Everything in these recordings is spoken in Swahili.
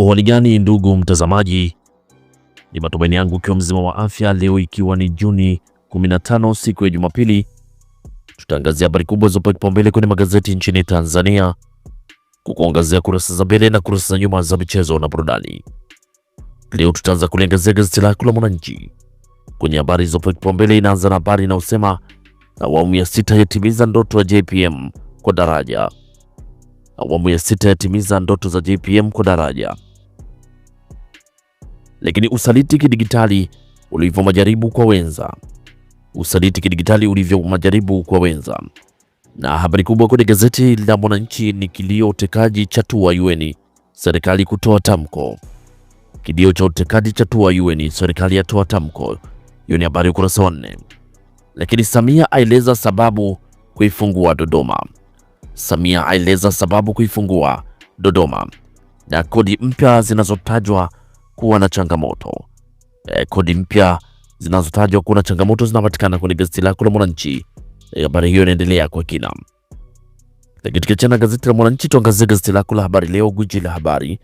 Uhali gani ndugu mtazamaji, ni matumaini yangu ukiwa mzima wa afya. Leo ikiwa ni Juni 15 siku ya Jumapili, tutaangazia habari kubwa zilizopewa kipaumbele kwenye magazeti nchini Tanzania, kukuangazia kurasa za mbele na kurasa za nyuma za michezo na burudani. Leo tutaanza kuliangazia gazeti lako la Mwananchi kwenye habari zilizopewa kipaumbele. Inaanza na habari inayosema awamu ya sita yatimiza ndoto ya JPM kwa daraja. Awamu ya sita yatimiza ndoto za JPM kwa daraja lakini usaliti kidigitali ulivyo majaribu kwa wenza, usaliti kidigitali ulivyo majaribu kwa wenza. Na habari kubwa kwenye gazeti la Mwananchi ni kilio utekaji chatua UN, serikali kutoa tamko. Kilio cha utekaji chatua UN, serikali yatoa tamko. Hiyo ni habari ukurasa wa nne. Lakini Samia aeleza sababu kuifungua Dodoma. Samia aeleza sababu kuifungua Dodoma. Na kodi mpya zinazotajwa kuwa na changamoto. E, kodi mpya zinazotajwa kuna changamoto zinapatikana kwenye gazeti lako la Mwananchi. E, habari e, hiyo inaendelea kwa kina. Lakini e, tukiachana na gazeti la Mwananchi, tuangazie gazeti lako la Habari Leo, guji la habari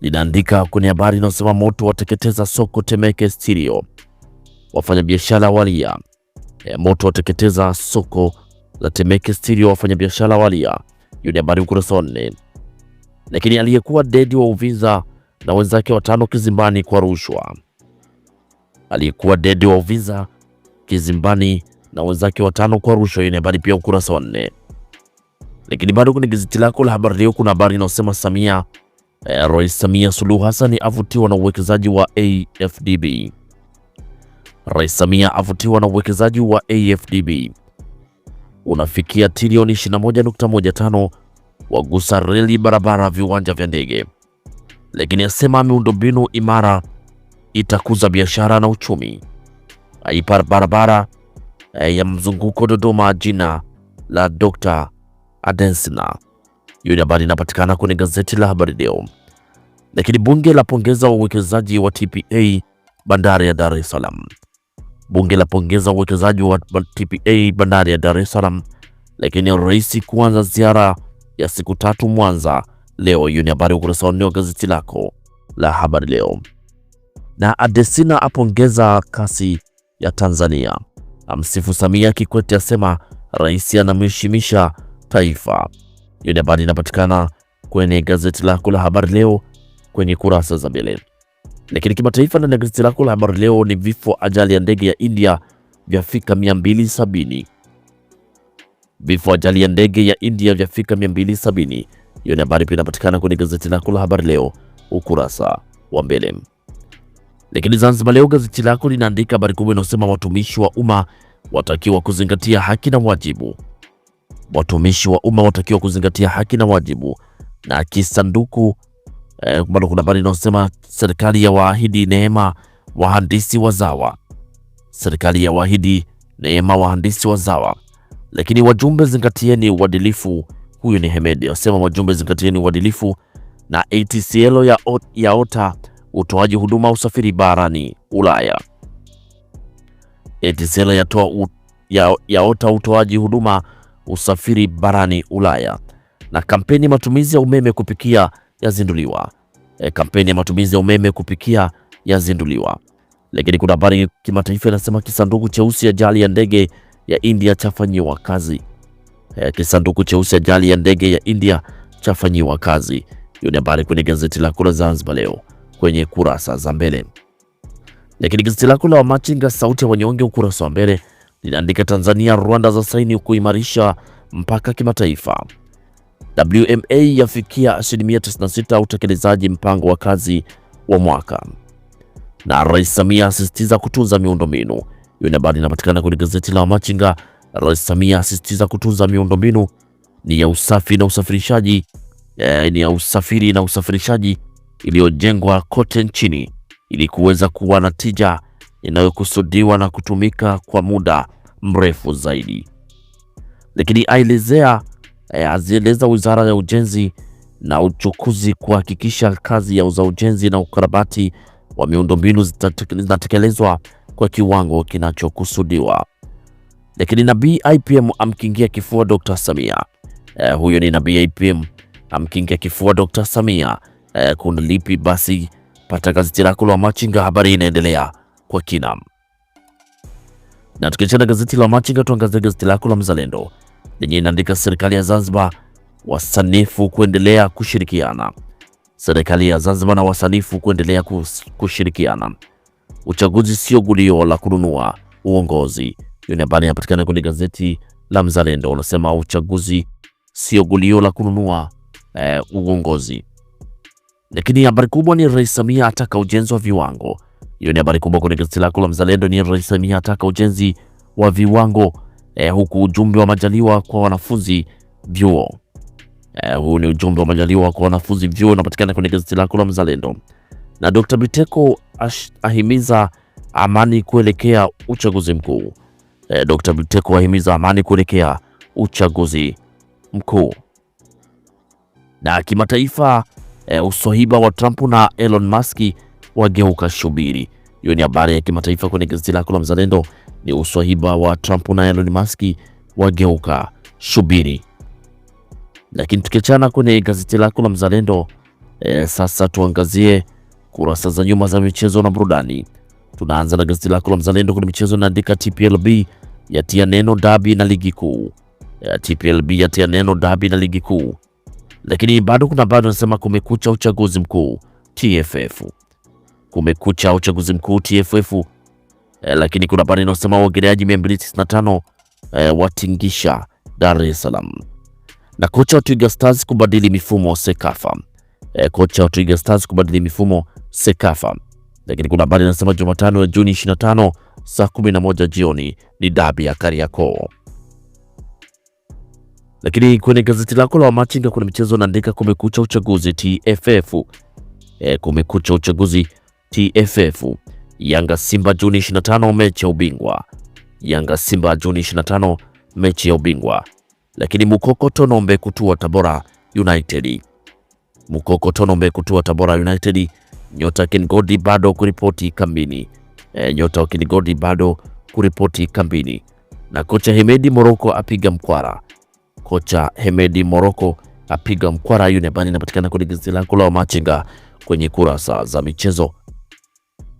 linaandika kwenye habari inayosema moto wateketeza soko Temeke Stereo, wafanyabiashara walia. E, moto wateketeza soko la Temeke Stereo, wafanyabiashara walia. Hiyo ni habari ukurasa wa nne. Lakini aliyekuwa dedi wa uviza na wenzake watano kizimbani kwa rushwa. Aliyekuwa dedi wa Uvinza kizimbani na wenzake watano kwa rushwa. Hii ni habari pia ukurasa wa nne. Lakini bado kwenye gazeti lako la Habari Leo kuna habari inayosema Samia eh, Rais Samia Suluhu Hassan avutiwa na uwekezaji wa AFDB. Rais Samia avutiwa na uwekezaji wa AFDB unafikia trilioni 21.15, wagusa reli, barabara, viwanja vya ndege lakini asema miundombinu imara itakuza biashara na uchumi. Aipa barabara eh, ya mzunguko Dodoma jina la Dr. Adensina. Hiyo ni habari inapatikana kwenye gazeti la Habari Leo. Lakini bunge la pongeza uwekezaji wa TPA bandari ya Dar es Salaam. Bunge la pongeza uwekezaji wa TPA bandari ya Dar es Salaam, lakini rais kuanza ziara ya siku tatu Mwanza leo. Hiyo ni habari ukurasa wa nne wa gazeti lako la habari leo. Na Adesina apongeza kasi ya Tanzania, amsifu Samia, Kikwete asema rais anamheshimisha taifa. Hiyo ni habari inapatikana kwenye gazeti lako la habari leo kwenye kurasa za mbele. Lakini kimataifa, ndani ya gazeti lako la habari leo ni vifo ajali ya ndege ya India vyafika 270. Vifo ajali ya ndege ya India vyafika 270. Hiyo ni habari pia inapatikana kwenye gazeti lako la Habari Leo ukurasa wa mbele. Lakini Zanzibar Leo gazeti lako linaandika habari kubwa inayosema watumishi wa umma watakiwa kuzingatia haki na wajibu. Watumishi wa umma watakiwa kuzingatia haki na wajibu na kisanduku eh, bado kuna habari inayosema serikali ya waahidi neema wahandisi wazawa. Serikali ya waahidi neema wahandisi wazawa. Lakini wajumbe zingatieni uadilifu Huyu ni Hemedi anasema wajumbe, zingatieni uadilifu na ATCL ya, ya ota utoaji huduma usafiri barani Ulaya. ATCL toa u, ya, ya ota utoaji huduma usafiri barani Ulaya. Na kampeni ya matumizi ya umeme kupikia yazinduliwa. E, kampeni ya matumizi ya umeme kupikia yazinduliwa. Lakini kuna habari kimataifa inasema kisanduku cheusi ajali ya ndege ya India chafanyiwa kazi kisanduku cheusi ajali ya ndege ya India chafanyiwa kazi. Hiyo ni habari kwenye gazeti lako la Zanzibar Leo kwenye kurasa za mbele. Lakini gazeti lako la Wamachinga sauti ya wanyonge ukurasa wa mbele linaandika Tanzania Rwanda za saini kuimarisha mpaka kimataifa. WMA yafikia asilimia 96 utekelezaji mpango wa kazi wa mwaka, na Rais Samia asisitiza kutunza miundombinu. Hiyo ni habari inapatikana kwenye gazeti la Wamachinga Rais Samia asisitiza kutunza miundombinu ni ya usafi na usafirishaji eh, ni ya usafiri na usafirishaji iliyojengwa kote nchini ili kuweza kuwa na tija inayokusudiwa na kutumika kwa muda mrefu zaidi. Lakini aelezea eh, azieleza Wizara ya Ujenzi na Uchukuzi kuhakikisha kazi ya za ujenzi na ukarabati wa miundombinu zinatekelezwa kwa kiwango kinachokusudiwa. Lakini Nabii IPM amkingia kifua Dr. Samia. Eh, huyo ni Nabii IPM amkingia kifua Dr. Samia. Eh, kuna lipi basi? Pata gazeti lako la Machinga, habari inaendelea kwa kina. Na tukichana gazeti la Machinga, tuangazie gazeti lako la Mzalendo lenye inaandika serikali ya Zanzibar wasanifu kuendelea kushirikiana. Serikali ya Zanzibar na wasanifu kuendelea kushirikiana. Uchaguzi sio gulio la kununua uongozi. Hiyo ni habari inapatikana kwenye gazeti la Mzalendo. Wanasema uchaguzi sio gulio la kununua e, uongozi. Lakini habari kubwa ni Rais Samia ataka ujenzi wa viwango. Hiyo ni habari kubwa kwenye gazeti lako la Mzalendo, ni Rais Samia ataka ujenzi wa viwango e, huku ujumbe wa Majaliwa kwa wanafunzi vyuo e, huu ni ujumbe wa Majaliwa kwa wanafunzi vyuo unapatikana kwenye gazeti lako la Mzalendo. Na Dr. Biteko ahimiza amani kuelekea uchaguzi mkuu eh, Dr. Mteko ahimiza amani kuelekea uchaguzi mkuu. Na kimataifa eh, uswahiba wa Trump na Elon Musk wageuka shubiri. Hiyo ni habari ya kimataifa kwenye gazeti lako la Mzalendo. Ni uswahiba wa Trump na Elon Musk wageuka shubiri. Lakini tukiachana kwenye gazeti lako la Mzalendo eh, sasa tuangazie kurasa za nyuma za michezo na burudani. Tunaanza na gazeti lako la Mzalendo kwenye michezo, naandika TPLB yatia neno dabi na ligi kuu. TPLB yatia neno dabi na ligi kuu, lakini bado kuna bado nasema, kumekucha uchaguzi mkuu TFF, kumekucha uchaguzi mkuu TFF. E, eh, lakini kuna bado inasema waogeleaji 295 e, eh, watingisha Dar es Salaam na kocha wa Twiga Stars kubadili mifumo Sekafa. E, kocha wa Twiga Stars kubadili mifumo Sekafa. Lakini kuna habari inasema Jumatano ya Juni 25 saa 11 jioni ni dabi ya Kariakoo. Lakini kwenye gazeti lako la Wamachinga kuna michezo naandika kumekucha uchaguzi TFF. E, kumekucha uchaguzi TFF. Yanga Simba Juni 25 mechi ya ubingwa. Yanga Simba Juni 25 mechi ya ubingwa. Lakini Mukoko Tonombe kutua Tabora United. Mukoko Tonombe kutua Tabora United nyota kingodi bado kuripoti kambini. E, nyota kingodi bado kuripoti kambini. Na kocha Hemedi Moroko apiga mkwara. Kocha Hemedi Moroko apiga mkwara. Hiyo ni habari inapatikana kwenye gazeti lako la Machinga kwenye kurasa za michezo.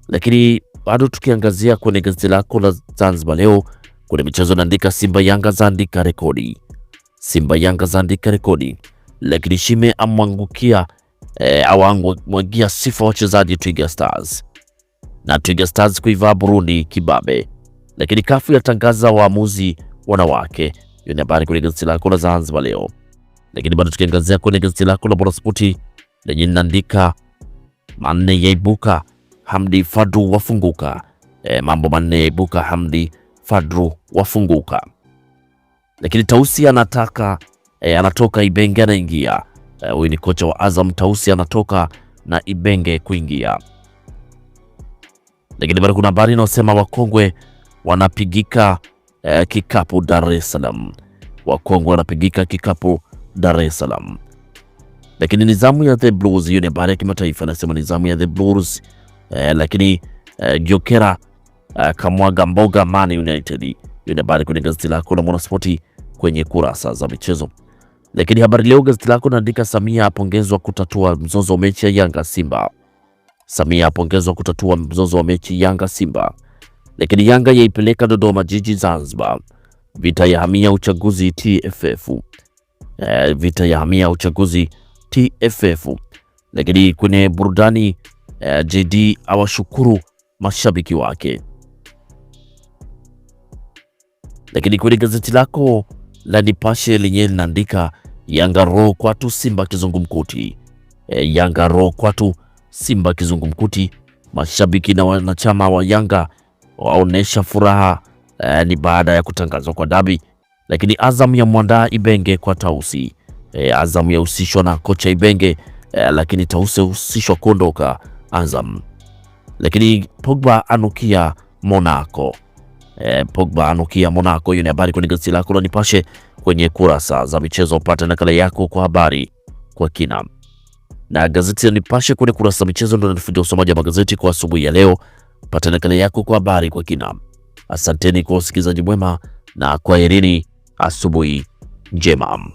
Lakini bado tukiangazia kwenye gazeti lako la Zanzibar Leo kwenye michezo, naandika Simba Yanga zaandika rekodi. Simba Yanga zaandika rekodi, lakini Shime amwangukia e, au angemwagia sifa wachezaji Twiga Stars na Twiga Stars kuivaa Burundi kibabe, lakini kafu yatangaza waamuzi wanawake. Hiyo ni habari kwenye gazeti lako la Zanzibar leo, lakini bado tukiangazia kwenye gazeti lako la Mwanaspoti lenye linaandika manne yaibuka, Hamdi Fadru wafunguka. E, mambo manne yaibuka, Hamdi Fadru wafunguka. Lakini Tausi anataka e, anatoka Ibenge anaingia Eh, huyu ni kocha wa Azam Tausi anatoka na Ibenge kuingia. Lakini bado kuna habari inayosema wakongwe wanapigika eh, kikapu Dar es Salaam. Wakongwe wanapigika kikapu Dar es Salaam. Lakini nizamu ya The Blues, hiyo ni habari ya kimataifa, nasema nizamu ya The Blues eh, lakini eh, Jokera eh, kamwaga mboga Man United. Hiyo ni habari kwenye gazeti lako la Mwanaspoti kwenye kurasa za michezo. Lakini Habari Leo gazeti lako naandika Samia apongezwa kutatua mzozo wa mechi ya Yanga Simba. Samia apongezwa kutatua mzozo wa mechi Yanga Simba. Lakini Yanga yaipeleka Dodoma Jiji Zanzibar. Vita ya hamia uchaguzi TFF. E, eh, vita ya hamia uchaguzi TFF. Lakini kwenye burudani e, eh, JD awashukuru mashabiki wake. Lakini kwenye gazeti lako la Nipashe lenye linaandika Yanga ro kwatu Simba kizungumkuti. E, Yanga ro kwatu Simba kizungumkuti. Mashabiki na wanachama wa Yanga waonesha furaha e, ni baada ya kutangazwa kwa dabi. Lakini Azam ya mwandaa Ibenge kwa Tausi. E, Azam yahusishwa na kocha Ibenge e, lakini Tausi yahusishwa kuondoka Azam. Lakini Pogba anukia Monaco eh, Pogba anukia Monaco. Hiyo ni habari kwenye gazeti lako la Nipashe kwenye kurasa za michezo, upate nakala yako kwa habari kwa kina na gazeti la Nipashe kwenye kurasa za michezo. Ndio natufungia usomaji wa magazeti kwa asubuhi ya leo. Pata nakala yako kwa habari kwa kina. Asanteni kwa usikilizaji mwema na kwaherini, asubuhi njema.